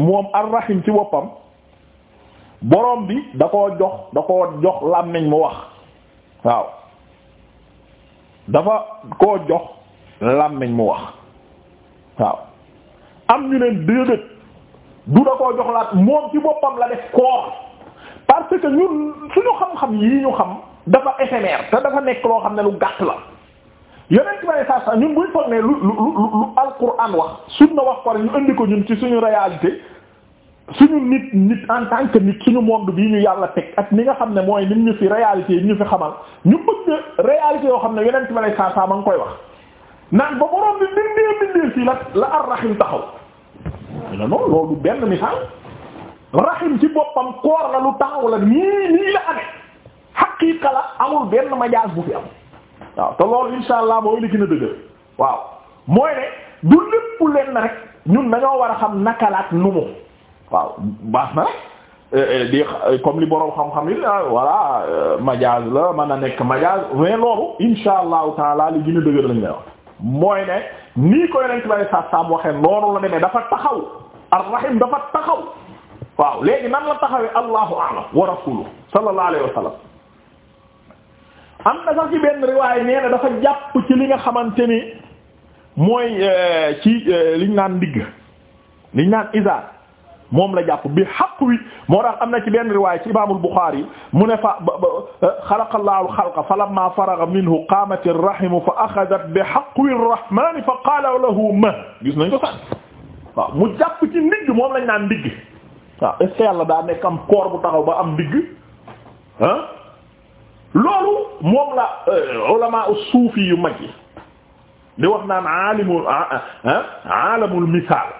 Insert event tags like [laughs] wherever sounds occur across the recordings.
moom arrahim ci boppam borom bi da koo jox da koo jox làmmiñ mu wax waaw dafa koo jox làmmiñ mu wax waaw am ñu ne déedéet du da koo jox laat moom ci boppam la def koor parce que ñun suñu xam-xam yii ñu xam dafa éphémère te dafa nekk loo xam ne lu gàtt la yonent bi saa saa ñun buñ foog ne lu lu lu lu alquran wax sunna wax pare ñu indi ko ñun ci suñu réalité suñu nit nit en tant que nit suñu monde bii ñu yàlla teg ak ni nga xam ne mooy nit ñu fi réalité yi ñu fi xamal ñu bëgg réalité yoo xam ne yonent bi saa saa ma ngi koy wax naan ba borom bi bindee bindee fii la la ar-rahim taxaw non non loolu benn misaal rahim ci boppam koor la lu taxaw la nii nii la amee xaqiiqa la amul benn majaas bu fi am. waaw te loolu insha allah mooy li gën a dëgër waaw mooy ne du lépp leen na rek ñun dañoo war a xam nakalaat nu mu waaw baax na rek eh, eh, di eh, comme li boroom xam-xam yi ah, voilà euh, majaaz la man a nekk majaaz mais loolu insha allahu taala li gën dëgër lañ lay wax mooy ne nii koy rent bare sa saam waxee noonu la demee dafa taxaw ar-rahim dafa taxaw waaw léegi nan la taxawee allahu a'lam wa rasuluhu sallallahu alayhi am na sax ci benn riwaay nee na dafa jàpp ci li nga xamante ni mooy euh, ci euh, liñ naan ndigg liñ naan isaar moom la jàpp bi xaq wi moo tax am na ci benn riwaay ci imaamul Buxaari mu ne fa euh, xalaqallaahu alxalqa falammaa faraga minhu qaamat irrahimu fa axadat bi xaqwi rrahmaani fa qaala lahu ma gis nañ ko sax waaw mu jàpp ci ndigg moom lañ naan ndigg waaw est-ce que yàlla daa nekk am koor bu taxaw ba am ndigg ah loolu moom la euh, ulama suufi yu mag yi di wax naan aalimu ah, ah, ah, aalamul misaal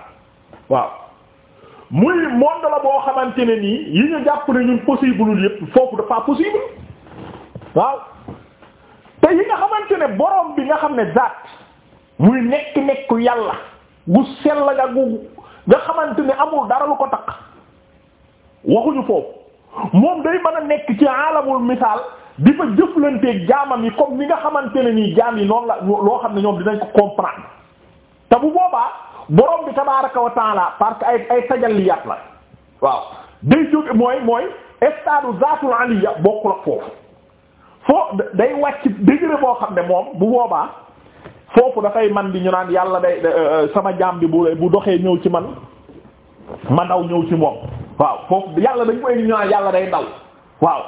waaw muy monde la boo xamante ne nii yi ñu jàpp ne ñun possible yëpp foofu dafa possible waaw te yi nga xamante ne borom bi nga xam ne zaat muy nekk nekku yàlla gu sell nga gu nga xamante ne amul dara lu ko takk waxuñu foofu moom day mën a nekk ci aalamul misaal di fa jëflanteeg jaamam yi comme ni nga xamante ne nii jaam yi noonu la loo xam ne ñoom dinañ ko comprendre te bu boobaa borom bi tabaaraka wa taala parce que ay ay tajalliyaat la waaw day jóge mooy mooy estadu zaatul aliya bokkul ak foofu foo day wàcc degré boo xam ne moom bu boobaa foofu dafay man bi ñu naan yàlla day euh, euh, sama jaam bi bu bu doxee ñëw ci man ma ndaw ñëw ci moom waaw foofu yàlla dañ koy ñu naan yàlla day daw waaw.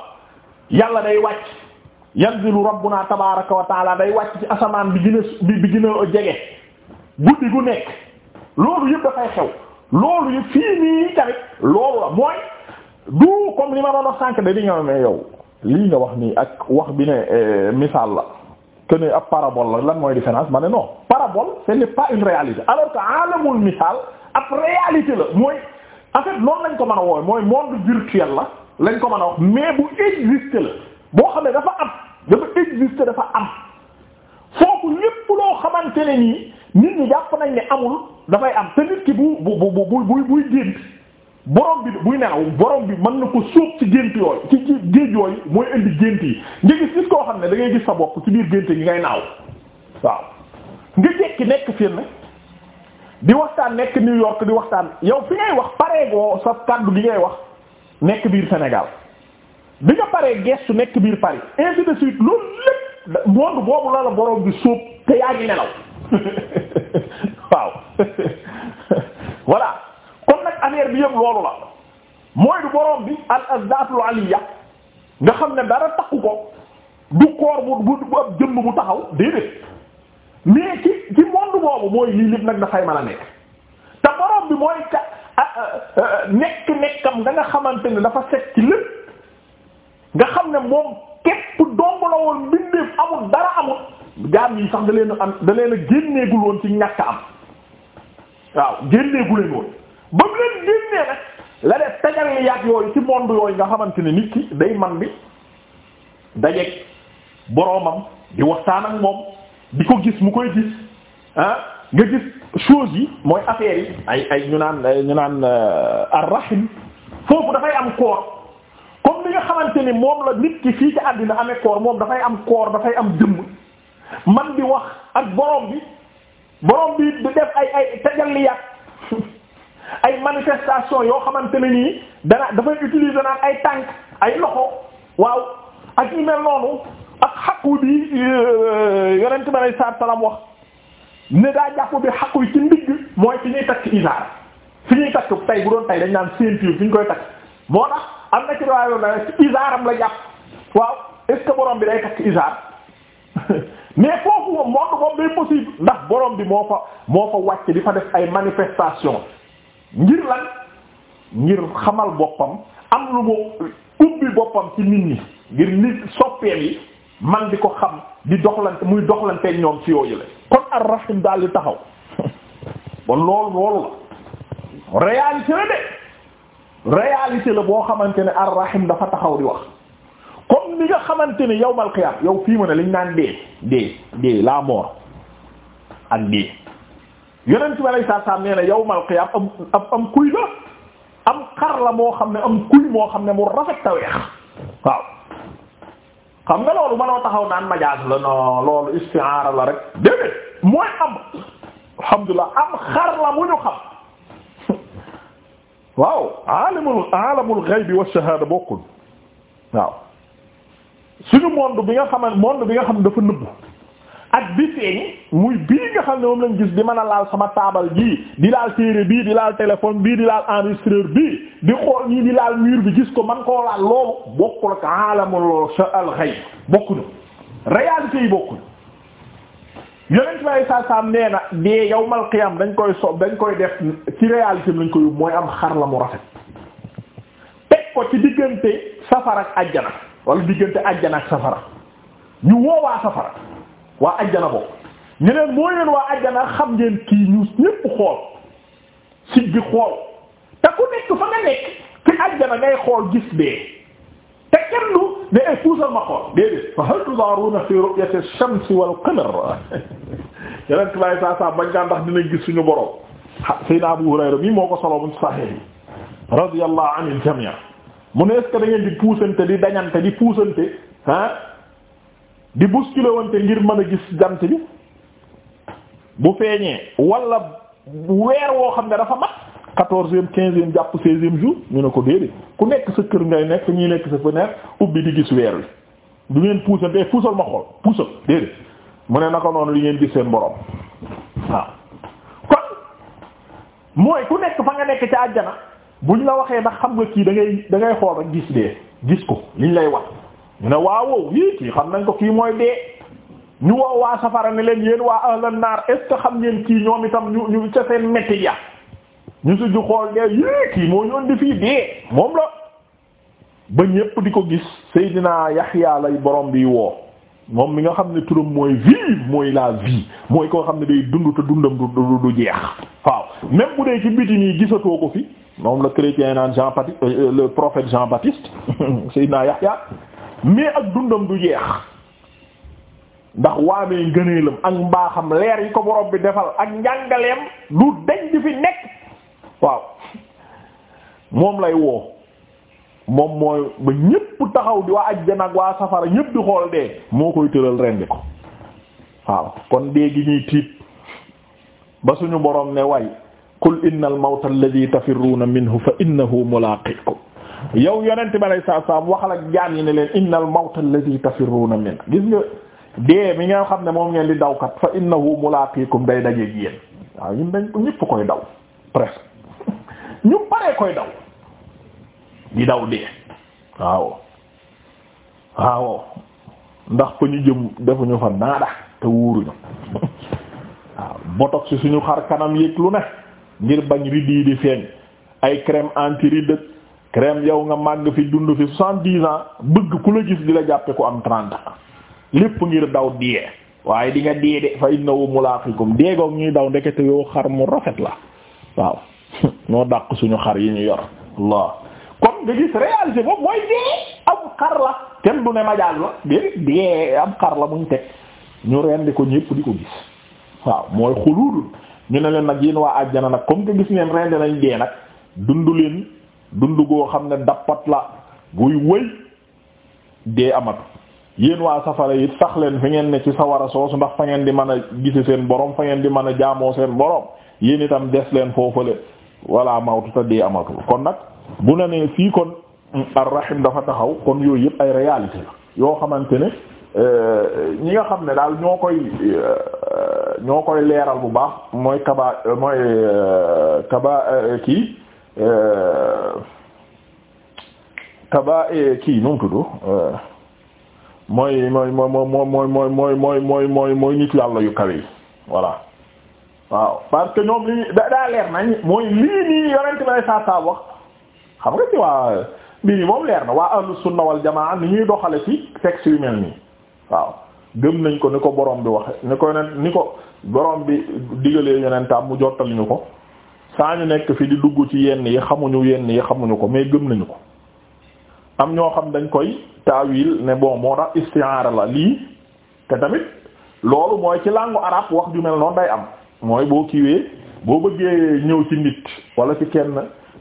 yàlla day wàcc yanzilu rabbuna tabaaraka wa taala day wàcc ci asamaan bi gën a bi gën a jege guddi gu nekk loolu yëpp dafay xew loolu yëpp fii nii tamit loolu la mooy du comme li ma doon wax da di nga ne yow lii nga wax nii ak wax bi ne eh, misaal la que ne ab parabole la lan mooy différence ma ne non parabole ce n'est pas une réalité alors que alamul misaal ab réalité la mooy en noonu lañ ko mën a woowe mooy monde virtuel la. lañ ko mën a wax mais bu existe la boo xam ne dafa am dafa existe dafa am foofu lépp loo xamante ne nii nit ñi jàpp nañ ne amul dafay am te nit ki bu bu bu bu buy buy gént borom bi buy nelaw borom bi mën na ko sóob ci gént yooyu ci ci géej yooyu mooy indi gént yi nga gis nit koo xam ne dangay gis sa bopp ci biir gént yi ngay naaw waaw nga jekki nekk fii na di waxtaan nekk New York di waxtaan yow fi ngay wax pareegoo sa kàddu gi ngay wax. nekk biir Sénégal bi nga paree gestu nekk biir Paris ainsi de suite loolu lépp monde boobu la la borom bi sóob te yaa ngi nelaw [laughs] waaw [laughs] voilà kon nag affaire bi yëpp loolu la mooy du borom bi al azdatul aliya nga xam ne dara takku ko du koor bu bu ab jëmm bu taxaw déedéet mais ci ci monde boobu mooy lii lépp nag dafay mën a nekk te borom bi mooy nekk nekkam da nga xamante ne dafa set ci lépp nga xam ne moom képp dong la woon mbindeef amul dara amul gaam yi sax da leen am da leen a génneegul woon ci ñàkk am waaw génneegu woon ba mu leen génnee nag la def tajal yàgg yooyu ci monde yooyu nga xamante ne nit ki day man bi dajeeg boroomam di waxtaan ak moom di ko gis mu koy gis ah, nga gis choses yi mooy affaire yi ay ay ñu naan ñu naan euh, ar-rahim foofu dafay am koor comme li nga xamante ni moom la nit ki fii ci àddina amee koor moom dafay am koor dafay am jëmm man bi wax ak borom bi boroom bi di def ay ay tajalliyaat [laughs] ay manifestation yoo xamante ne nii dana dafay utiliser naan ay tànk ay loxo waaw ak yu noonu ak xaqu bi euh, yonent bi sallallahu alayhi wasallam wax. ne daa jàpp bi xaq wi ci ndigg mooy fi ñuy takk isaar fi ñuy takk tay bu doon tay dañ naan ceinture fi ñu koy takk moo tax am na ci doayo na ci isaaram la jàpp waaw est ce bi day takk isaar [laughs] mais foofu moom moom moom day possible ndax boroom bi moo fa moo fa wàcc di fa def ay manifestation ngir lan ngir xamal boppam am lu mu ubbi boppam ci nit ñi ngir nit soppeem yi man di ko xam di doxlante muy doxlanteeg ñoom ci yooyu la kon ar daal di taxaw bon loolu loolu la réalité la de réalité la boo xamante ne ar rahim dafa taxaw di wax comme ni nga xamante ne yawmal yow fii mu ne liñ naan dee dee dee la mort ak dee yonent bi alay saa salaam nee na yawmal qiyam am am kuy la am xar la moo xam ne am kuy moo xam ne mu rafet ta waaw xam nga loolu mënoo taxaw naan majaas la non loolu istiaara la rek déedéet mooy am alhamdulilah am xar la mu xam [laughs] waaw alimul alamul ghaybi wa shahada bokkul waaw suñu monde bi nga xam monde bi nga xam dafa ak bi feeñi muy bii nga xam ne moom lañ gis di mën a laal sama taabal ji di laal téere bii di laal téléphone bii di laal enregistreur bii di xool ñii di laal mur bi gis ko man koo laal loolu bokkul ak alamul al-ghayb bokkuñu réalité yi bokkuñu yonent bi saa saam nee dee yawmal qiyam dañ koy sob dañ koy def ci réalité lañ koy mooy am xar la mu rafet teg ko ci diggante safara ak ajjana wala diggante ajjana ak safara ñu woowaa safara waa ajjana bokk ñu leen mooy leen waa ajjana xam ngeen kii ñu ñépp xool sig bi xool te ku fa nga nekk ajjana ngay xool gis bee te kenn du ne ay eh, puusal ma xool déedéet fa hal tudaruna fi ru'yati ash-shams wal qamar yeneen tubaab saa saa bañ ngaa ndax gis suñu borom. Seydina Abu Hurayra mii moo ko solo bu sahih yi radiyallahu anil jami' mu ne est-ce que ngeen di puusante di dañante di puusante ah. di bousculer wante ngir mën a gis jant bi bu feeñee wala weer woo xam ne dafa mat quatorzième quinzième jàpp seizième jour ñu ne ko déedéet ku nekk sa kër ngay nekk ñuy nekk sa fenêtre ubbi di gis weer wi du ngeen puusal te puusal ma xool puusal déedéet mu ne naka noonu li ngeen gis seen borom waaw kon mooy ku nekk fa nga nekk ca àjjana buñ la waxee ndax xam nga kii da ngay da ngay xool rek gis dee gis ko liñ lay wax ñu ne waawow yii kii xam nañ ko kii mooy dee ñu woo waa safara ne leen yéen waa ahlan naar est ce que xam ngeen kii ñoom itam ñu ñu ca seen métti ya ñu si ju xool dee yii kii moo ñoon di fii dee moom la ba ñépp di ko gis Seydina Yaxya lay borom bi woo moom mi nga xam ne turam mooy vie mooy laa vie mooy koo xam ne day dund te dundam du du jeex waaw même bu dee ci biti nii gisatoo ko fi moom la chrétien naan Jean Baptiste euh, euh, le prophète Jean Baptiste [laughs] Seydina mais ak dundam du jeex ndax waamee ngëneelam ak mbaaxam leer yi ko boroom bi defal ak njàngaleem lu deñ di fi nekk waaw moom lay woo moom mooy ba ñépp taxaw di waa ajjana ak waa safara ñépp di xool dee moo koy tëral rendi ko waaw kon dee gi ñuy tiit ba suñu borom ne way qul inna al mawta alladhi tafirruuna minhu fa innahu mulaaqiikum yow yonent bi alayhi salaatu salaam waxal ak jaam yi ne leen innal mawta alladhi tafirruuna min gis nga dee mi nga xam ne moom ngeen di dawkat fa innahu mulaaqiikum day dajeeg yéen waaw ñun dañ ñëpp koy daw presque [laughs] ñu baree koy daw di daw dee waaw waaw ndax fa ñu jëm defuñu fa naada te wuuruñu [laughs] waaw botox ci suñu xar kanam yëg lu ne ngir bañ riddi di feeñ ay crème anti ridde crème yow nga màgg fi dund fi soixante-dix ans bëgg ku la gis di la jàppe ku am trente ans lépp ngir daw diyee waaye di nga dee de fa innahu mulaaqikum deegoog ñuy daw ndekete yoo xar mu rafet la waaw moo [laughs] dàq suñu xar yi ñu yor Allah kon nga gis réalité ne majaal la déedéet la muñ teg ñu rendi ko ñépp di ko gis waaw mooy xuluul ñu ne leen nag yéen waa àjjana nag comme que gis ngeen rendi nañ dee nag dund leen dund goo xam ne dappat la guy wëy dee amatu yéen waa safara yi tax leen fi ngeen ne ci sawara soosu ndax fa ngeen di mën a gise seen borom fa ngeen di mën a jaamoo seen borom yéen itam des leen foofale walla mawtu te dee amatu kon nag bu na ne fii kon mm, arrahim dafa taxaw kon yooyu yëpp ay réalité la yoo xamante ne euh, ñi nga xam ne daal ñoo koy euh, ñoo koy leeral bu baax mooy kaba mooy euh, kaba kii taba kii nu mu tudd mooy mooy mooy mooy mooy mooy mooy mooy mooy mooy nit yàlla yu kawe yi voilà waaw parce leer nañ mooy lii nii yorente ba saa saa wax xam nga ci waa mbir moom leer na waa ahlus sunna wal jamaa ni ñuy doxale ci texte yu mel nii waaw gëm nañ ko ni ko borom bi waxe ni ko yonent ni ko borom bi digalee yonentam mu jottali ñu ko saa ñu nekk fi di dugg ci yenn yi xamuñu yenn yi xamuñu ko mais gëm nañu ko am ñoo xam dañ koy taawil ne bon moo tax isti'aara la lii te tamit loolu mooy ci langue arabe wax ju mel noonu day am mooy boo kiiwee boo bëggee ñëw ci wala ci kenn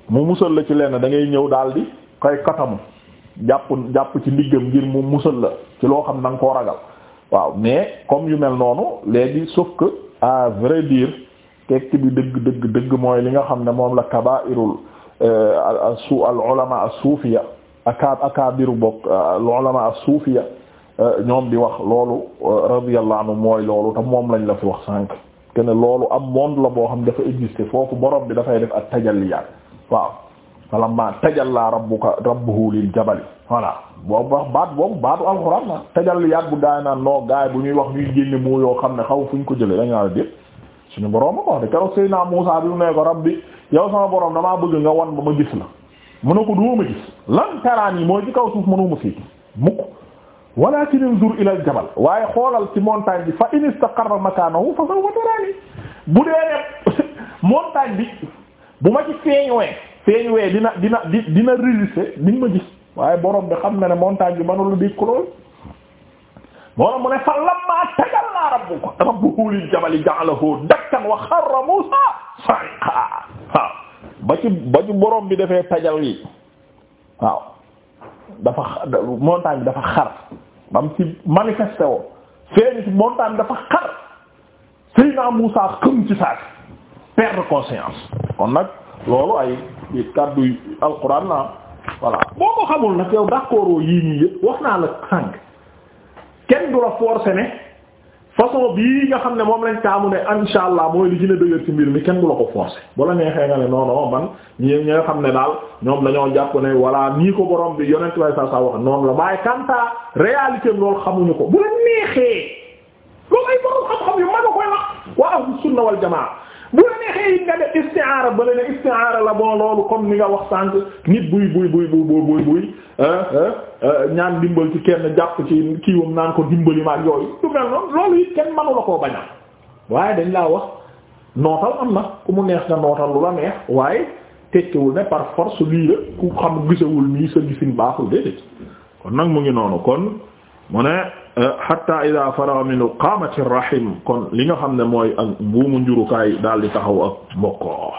mu musal la ci lenn da ngay ñëw daal di koy katamu jàpp jàpp ci ndiggam ngir mu musal la ci loo xam na nga koo ragal waaw mais comme yu mel noonu léegi sauf que à vrai tekki bi dëgg dëgg dëgg mooy li nga xam ne moom la kabairul euh, su al ulama as-sufiya aka akabiru bokk al ulama as-sufiya euh, ñoom di wax loolu euh, radiyallahu anhu mooy loolu te moom lañ la fi wax sànq te ne loolu am moom la boo xam dafa exister foofu borom bi dafay def ak tajalliyaat waaw falamma tajalla rabbuka rabbuhu lil jabali voilà boobu wax baat boobu baatu alxuraan na tajalliyaat bu daay naan noo gaay bu ñuy wax ñuy génne moo yoo xam ne xaw fu fuñ ko jëlee dañ naa suñu borom ma ko am de keroog Seydina Muusaa bi mu ne ko rabbi sama borom damaa bëgg nga wan ba ma gis la mu ne ko du ma gis lan taraan yi mooy ci kaw suuf mënu ma fi mukk walakin unzur ila al jabal waaye xoolal ci montagne bi fa in istaqarra makanahu fa sawfa tarani bu dee ne [laughs] montagne bi bu ma ci feeñuwee feeñuwee dina dina di dina résister di ma gis waaye borom bi xam na ne montagne bi mënul a dékku lool moo mu ne fa lamma tajalla rabbuka rabbuhu lil jabali ja'alahu dakkan wa xarra Musa sa'iqa waaw ba ci ba ci borom bi dafee tajal yi waaw dafa montagne bi dafa xar bam ci manifesté woo feeñ ci montagne dafa xar Seydina Musa xëm ci saak perdre conscience kon nag loolu ay kàddu alquran na voilà boo ko xamul nag yow d'accord yii nii yëpp wax naa la sànq kenn du la forcer ne façon bii nga xam ne moom lañ taamu ne insha allah mooy li gën a dëgër ci mbir mi kenn du la ko forcer bu la neexee nga ne non man ñi ñi xam ne daal ñoom lañoo jàpp ne voilà nii ko borom bi yonent way sa sa wax noonu la waaye kanta réalité loolu xamuñu ko bu la neexee loolu ay borom xam-xam yu mën koy wax waa ahlu sunna jamaa bu neexee it nga def istiaara ba la ne istiaara la bon loolu comme ni nga wax sànq nit buy buy buy buy buy buy euh, ñaan dimbal ci kenn jàpp ci kiiwam naan ko dimbali ma ak yooyu du mel noonu loolu it kenn manu la koo bañal waaye dañ laa wax nootal am na ku mu neex nga nootal lu la neex waaye tekkiwul ne par force lii la ku xam gisawul nii sa gisin baaxul déedéet kon nag mu ngi noonu kon mu ne Euh, hatta ida faraga minu qaamati rahim kon li nga xam ne mooy ak buumu njurukaay daal di taxaw ak mbokkoo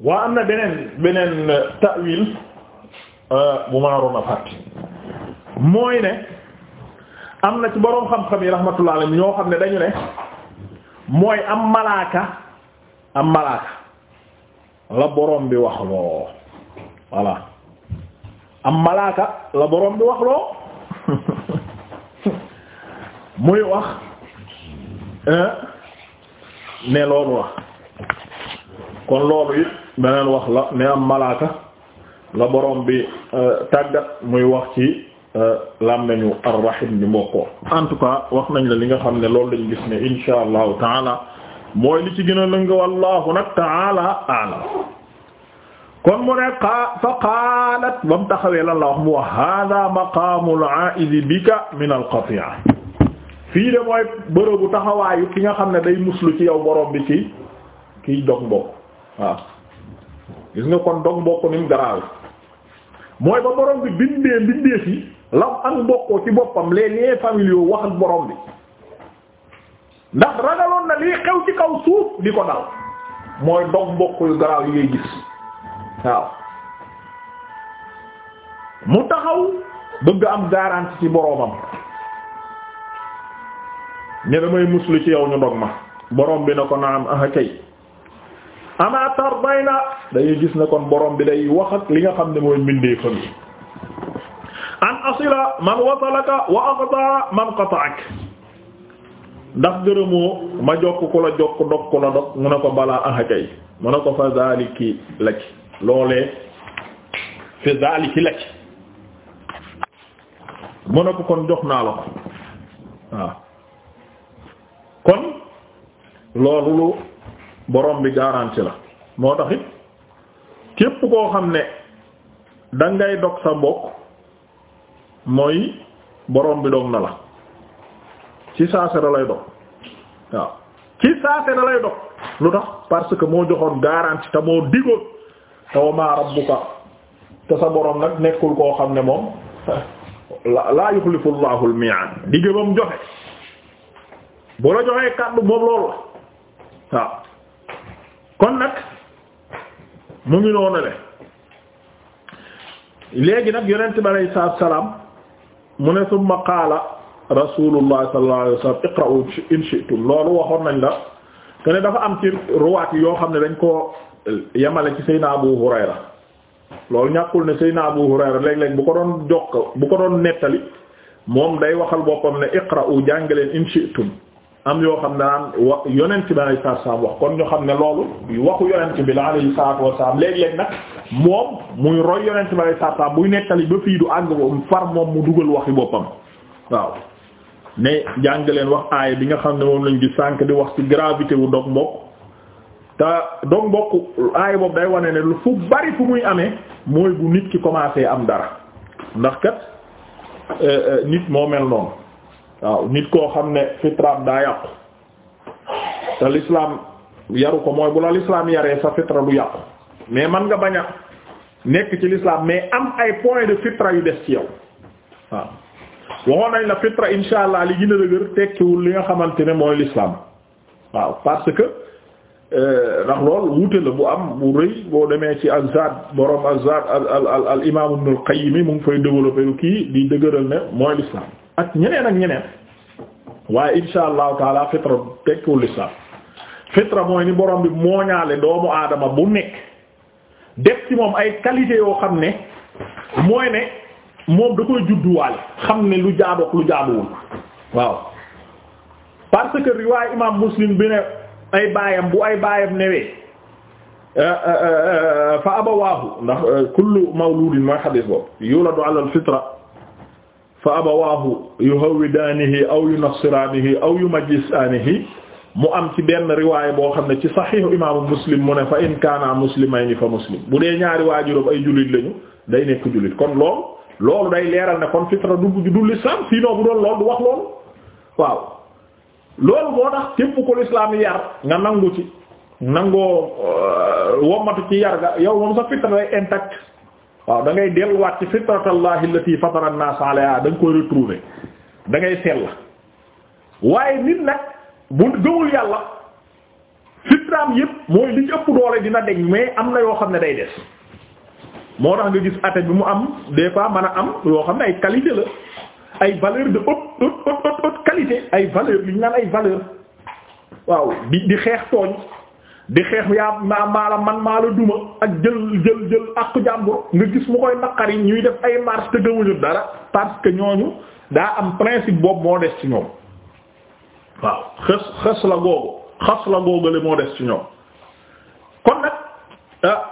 waa am na beneen beneen euh, ta'wil euh, bu ma naroon a fàtte mooy ne am na ci boroom xam-xam yi rahmatullah alayhi xam ne dañu ne mooy am malaaka am malaaka la boroom bi wax loo voilà am malaaka la boroom bi wax loo muy wax ne loolu la kon loolu it beneen wax la ne am malaaka la borom bi euh, tàggat muy wax ci euh, lam nañu arrahim bi mbokkoo en wax nañ la li nga xam ne loolu lañ gis ne insha allahu taala mooy li ci gën a lëng wallahu nag taala alam kon mu ne aa qaalat ba mu taxawee la wax mu wax hada maqaamul aa'idi bika min al qati'a fii de mooy bërëbu taxawaayu ki nga xam ne day muslu ci yow borom bi ci ki dog mbokk waaw gis nga kon dog mbokk ni mu garaaw mooy ba borom bi bindee bindee fi lam ak mbokkoo ci boppam les liens familiaux wax ak borom bi ndax ragaloon na lii xew ci kaw suuf di ko dal mooy dog mbokk yu garaaw yi ngay gis waaw mu taxaw bëgg am garantie ci boromam. ne damay muslu ci yow ñu dog ma borom bi na ko naam ah kay ama tardayna dañuy gis ne kon borom bi day wax ak li nga xam ne mooy mbindee fam yi an asila man wasalaka wa aqta man qata'ak ndax gërëmoo ma jokk ku la jokk dog ku la dog mu ne ko balaa ah kay mu ne ko fa zaliki lak loolee fi zaliki lak mu ne ko kon jox naa la ko waaw kon loolu lu borom bi garanti la moo tax képp koo xam ne dangay dog sa mbokk mooy borom bi dog na la ci saase da lay dog waaw ci saase da lay dog lu tax parce que moo joxoon garanti te moo digoon te wa maa rabbuka sa borom nag nekkul koo xam ne moom [laughs] laa yuxlifu llaahu al joxe boo la joxee kàddu moom loolu la waaw kon nag mu ngi noonu le léegi nag yonent bi alayhi salaatu wa salaam mu ne summa qaala rasulullah sallallahu iqra'u in shi'tum loolu waxoon nañ la te ne dafa am ci ruwaat yoo xam ne dañ koo yemale ci Seydina Abu Hurayra loolu ñàkkul ne Seydina Abu Hurayra léeg-léeg bu ko doon jokk bu ko doon nettali moom day waxal boppam ne iqra'u jàng leen in shi'tum am yoo xam ne daan wa yonent bi alayhi salaatu salaam wax kon ñu xam ne loolu waxu yonent bi laa alayhi salaatu wasalaam léeg-léeg nag moom muy roy yonent bi alayhi salaatu salaam buy nekkali ba fii du àgg far moom mu dugal waxi boppam waaw ne jàng leen wax aaya bi nga xam ne moom lañ gis sànk di wax ci gravité wu dog mbokk te dog mbokk aaya boobu day wane ne lu fu bari fu muy amee mooy bu nit ki commencé am dara ndax kat euh, euh, nit moo mel noonu waaw nit koo xam ne fitraam daa yàqu te l'islam yaru ko mooy bu la l'islam yaree sa fitra du yàqu mais man nga bañ a nekk ci lislaam mais am ay points de fitra yu des ci yow waaw waxoon nañ la fitra insha allah li gën a dëgër tekkiwul li nga xamante ne mooy l'islam waaw parce que euh, ndax lool wuute la bu am bu rëy boo demee ci azad borom azad al al al imam ibn al qayyim mu ngi fay développer kii di dëgëral ne mooy l'islam ak ñeneen ak ñeneen waaye insha allahu taala fitra tekkiwul l'islam fitra mooy ni borom bi mooñaale doomu aadama bu nekk def ci moom ay qualité yoo xam ne mooy ne moom da koy judduwaale xam ne lu jaadu lu jaaduwul waaw parce que riwaay imam muslim bi ne ay baayam bu ay baayam newee euh, euh, euh, fa abawaahu ndax kullu mawludin mooy xadiis boobu yuladu ala fitra fa abawaahu yuhawwidaanihi aw yu yunassiraanihi aw yumajjisaanihi mu am ci benn riwaay boo xam ne ci saxiixu imaamu muslim mu ne fa in kaana muslimayni fa muslim bu dee ñaari waajuram ay jullit lañu day nekk jullit kon loolu loolu day leeral ne kon fitra du du l'islam sinon bu doon loolu du wax loolu waaw loolu moo tax képp ko l'islam yar nga nangu ci nangoo euh, wommatu ci yar ga yow moom sa fitra day intact waaw da ngay delluwaat ci fitratallahi allati fatara an-nas alayha da nga koy retrouver da ngay sell waaye nit nag bu gëmul yàlla fitraam yëpp mooy li ci ëpp doole dina deñ mais am na yoo xam ne day des moo tax nga gis até bi mu am des fois mën a am yoo xam ne ay qualité la ay valeur de haute haute haute haute qualité ay valeur li ñu naan ay valeur waaw di di xeex tooñ di xeex yaa maa maa man maala la duma ak jël jël jël àqu jàmbur nga gis mu koy naqari ñuy def ay a te gëmuñu dara parce que ñooñu daa am principe boobu moo des ci ñoom waaw xës xës la googu xas ci ñoom kon nag ah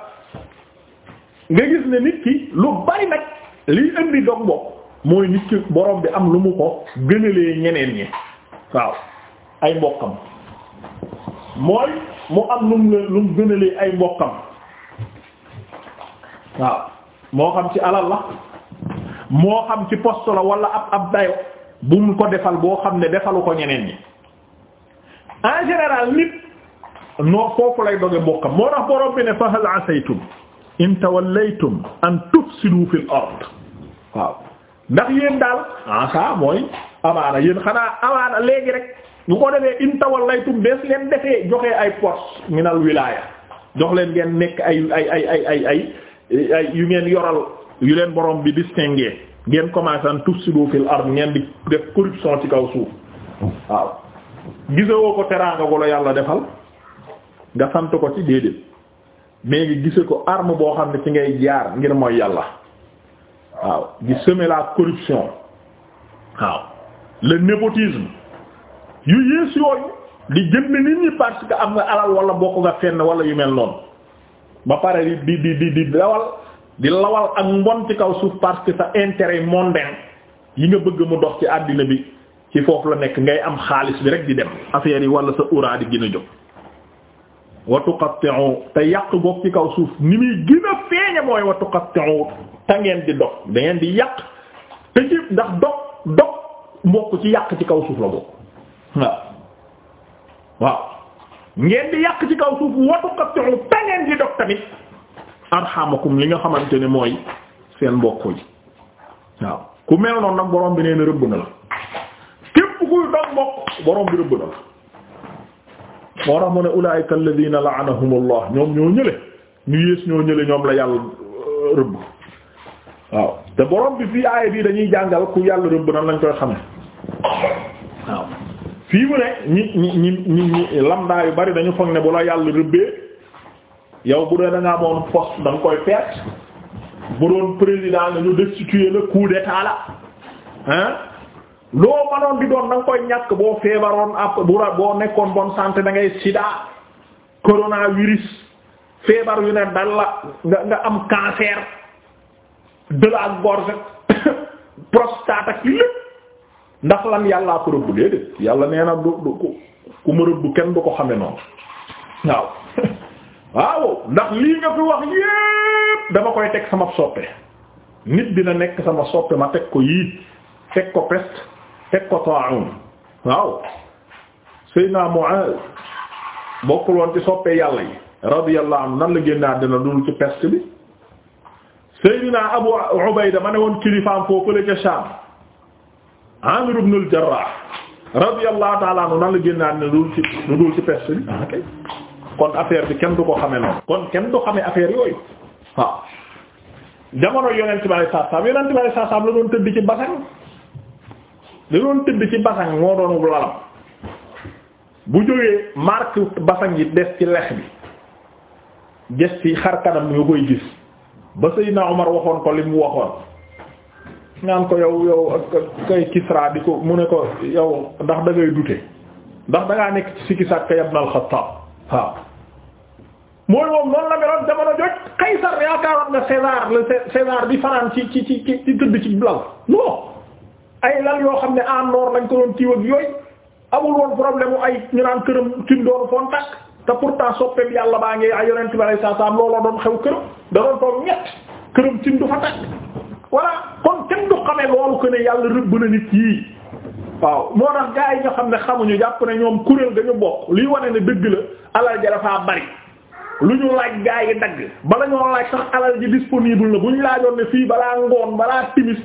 nga gis ne nit ki lu bari nag liy indi dog bopp mooy nit ki borom bi am lu mu ko gënalee ñeneen ñi waaw ay mbokkam mooy mu am lu mu gënalee ay mbokkam waaw moo xam ci alal la moo xam ci poste la wala ab ab dayo bu mu ko defal boo xam ne defalu ko ñeneen ñi en général nit noo foofu lay doge mbokkam moo tax borom bi ne fa hal asaytum in tawallaytum an tufsidu fil ard waaw ndax yéen daal en ça mooy amaana yéen xanaa amaana léegi rek bu ko defee in tawallaytum bees leen defee joxe ay poste minal wilaya jox leen ngeen nekk ay ay ay ay ay ay yu ngeen yoral yu leen borom bi distingué ngeen commencé an tufsidu fil ard ngeen di def corruption ci kaw suuf waaw gisewoo ko teraanga ko la yàlla defal nga sant ko ci déedéet mais ngi gise ko arm boo xam ne ci ngay jaar ngir mooy yàlla waaw di semer la corruption waaw le népotisme yu yées yooyu di jënd nit ñi parce que am nga alal wala bokk nga fenn wala yu mel noonu ba pare di di di di lawal di lawal ak mbon ci kaw suuf parce que sa intérêt mondain yi nga bëgg mu dox ci àddina bi ci foofu la nekk ngay am xaalis bi rek di dem affaire yi wala sa uraa di gën a jóg wa tuqatti'u te yàq goog ci kaw suuf ni muy gën a feeñe mooy wa tuqatti'u te ngeen di dog dangeen di yàq te ji ndax dog dog bokk ci yàq ci kaw suuf la bokk waaw waaw ngeen di yàq ci kaw suuf watu qat'u ta ngeen di dog tamit arhamakum li nga xamante ne mooy seen mbokk yi waaw ku mel noonu nag borom bi nee na rëbb na la képp kuy dog mbokk borom bi rëbb na la moo tax mu ne ulaa'ika alladhina la'anahumullah ñoom ñoo ñële ñu yées ñoo ñële ñoom la yàlla euh, rëbb waaw te borom bi fii aaya bi dañuy jàngal ku yàlla rëbb nan lañ koy xame waaw fii mu ne ñi ñi ñi ñi lamda yu bari dañu foog ne bu la yàlla rëbbee yow bu dee da ngaa amoon poste da koy perte bu doon président la ñu destituer le coup d'état la hein loo manoon di doon da nga koy ñàkk boo feebaroon ab boo nekkoon bon santé da ngay sida coronavirus feebar yu ne dal la nga nga am cancer de la gorge [coughs] prostate ak lépp ndax lan yàllaa ko rëbb déedéet yàlla nee na du du ku ma rëbb kenn du ko xame noonu waaw [laughs] waaw ndax lii nga fi wax yépp dama koy teg sama soppe nit dina nekk sama soppe ma teg ko yii teg ko peste teg ko ta'un waaw Seydina Mu'az bokkul woon ci soppe yàlla yi radiyallahu anhu nan la génn àddina dul ci peste bi Seydina Abu Ubayda ma ne woon kilifaam foofu la ca Sham Amir ibn al-Jarrah radiyallahu ta'ala anhu nan la génn lu dul ci lu bi ah, kon affaire bi kenn du ko xamee noonu kon kenn du xamee affaire yooyu waaw jamono yonent bi alayhi salaam yonent bi alayhi salaam la doon tëdd ci basan la doon tëdd ci basan moo doon lalam bu jógee marque basan yi des ci lex bi des ci xar kanam nga koy gis ba Seydina Omar waxoon ko li mu waxoon naan ko yow yow ak kay Kisra di ko mu ne ko yow ndax da ngay dute ndax da nekk ci sikki sàkk ibn al-Khattab waaw mooy moom noonu la meloon jamono joj Qaysar yaakaaroon na César le César bi fanaan ci ci ci ci ci tëdd ci lal non ay lal yoo xam ne en or lañ ko doon tiiw ak yooyu amul woon problème ay ñu naan këram cin doon foon takk te pourtant soppeem yàlla baa ngi ay yonent bi alayhi salaam doon xew këram da doon toog ñett këram cin fa takk voilà kenn du xamee loolu que ne yàlla rëbb na nit yii waaw moo tax gaa yi ñoo xam ne xamuñu jàpp ne ñoom kuréel dañu bokk liy wane ne dëgg la alal ja dafaa bari lu ñu laaj gaa yi dagg bala ñoo laaj sax alal ji disponible na bu ñu laajoon ne fii balaa ngoon balaa timis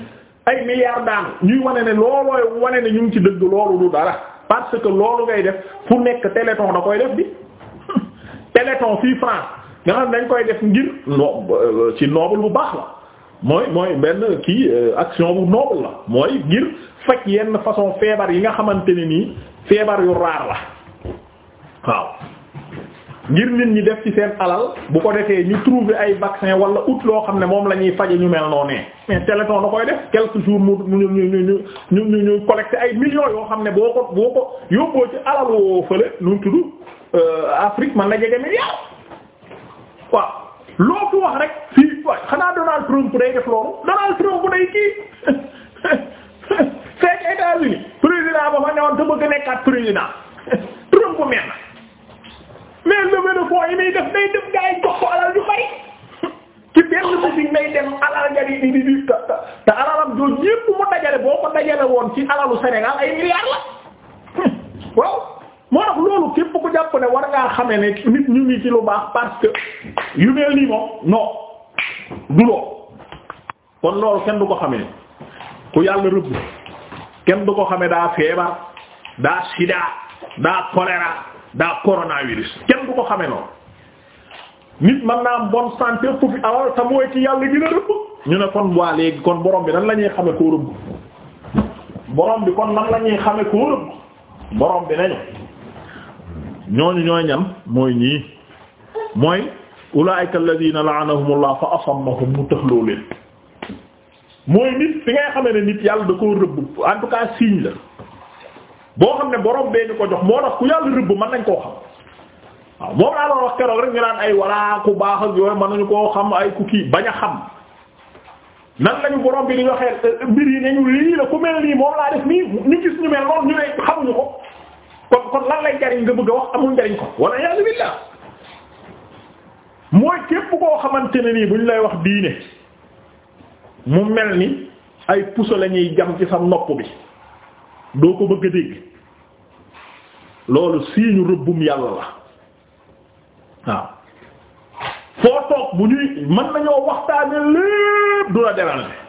ay milliards daanu ñuy wane ne loolooy wane ne ñu ngi ci dëgg loolu du dara parce que loolu ngay def fu nekk téléton da koy def bi [laughs] téléthon fii France nga xam ne dañ koy def ngir no ci noble bu baax la mooy mooy benn kii euh, action bu noble la mooy ngir faj yenn façon feebar yi nga xamante ne nii feebar yu raar la waaw ngir nit ñi def ci seen alal bu ko defee ñu trouver ay vaccin wala ut loo xam ne moom la ñuy faje ñu mel noonu mais téléthon da koy def quelque jour mu ñu ñu ñu ñu ñu ñu collecté ay millions yoo xam ne boo ko boo ko yóbboo ci alal woo fële nu mu tudd euh, Afrique man na jege milliards waaw. loo fi wax rek fii xanaa Donald Trump day def loolu Donald Trump day kii [laughs] fekk États-Unis président ba fa newoon te bëgg nekkaat président [laughs] Trump mel na mais levée de fonds yi muy def day def gaa yi ko alal yu bari [laughs] ci benn boutique nay dem alal nga di di di ta te alalam jooju yépp mu dajale boo ko dajale woon ci alalu Sénégal ay milliards la waaw. moo tax loolu képp ku jàpp ne war ngaa xamee ne nit ñu ngi ci lu baax parce yu mel nii moom non du lool kon loolu kenn du ko xamee ku yàlla rëbb kenn du ko xamee daa feebar daa sida daa choléra daa coronavirus kenn du ko xamee noonu nit mën naa am bonne santé fu fi alors te mooy ci yàlla gën a rëbb ñu ne kon waa léegi kon borom bi nan la ñuy xamee koo rëbb borom bi kon nan la koo rëbb borom bi nañu. ñooñu ñooy ñan mooy ñii mooy ulaa'ika alladhiina la'anahumullah fa asammahum mu tëxloo leen mooy nit fi ngay xamee ne nit yàlla da koo rëbb en tout cas signe la boo xam ne borom bee ñu ko jox moo tax ku yàlla rëbb mën nañ koo xam waaw moom laa doon wax keroog rek ñu naan ay walla ku baax ak yooyu mën nañu koo xam ay ku kii bañ a xam nan lañu borom bi di waxee mbir yi ñu lii la ku mel nii moom laa def nii ñu gis ñu mel noonu ñu ne xamuñu ko kon kon lan lay jariñ nga bëgg a wax amul njariñ ko wala yàlla billah mooy képp koo xamante ne nii bu ñu lay wax diine mu mel ni ay puso lañuy ñuy jam ci sa nopp bi doo ko bëgg a dégg loolu siiñu rëbbum yàlla la waaw foo toog bu ñuy mën nañoo waxtaane lépp du la déranger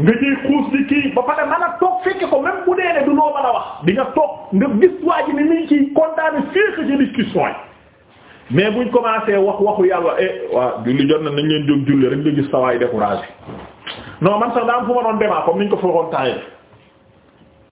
nga ciy xuus di kii ba pare mën a toog fekk ko même bu dee ne du loo mën a wax di nga toog nga gis waa ji ni muy ciy kontaane féex ci discussion yi mais buñ commencé wax waxu yàlla eh waaw julli jot na nañ leen jóg julli rek nga gis sawaay découragé non man sax daam fu ma doon demaa comme niñ ko foogoon temps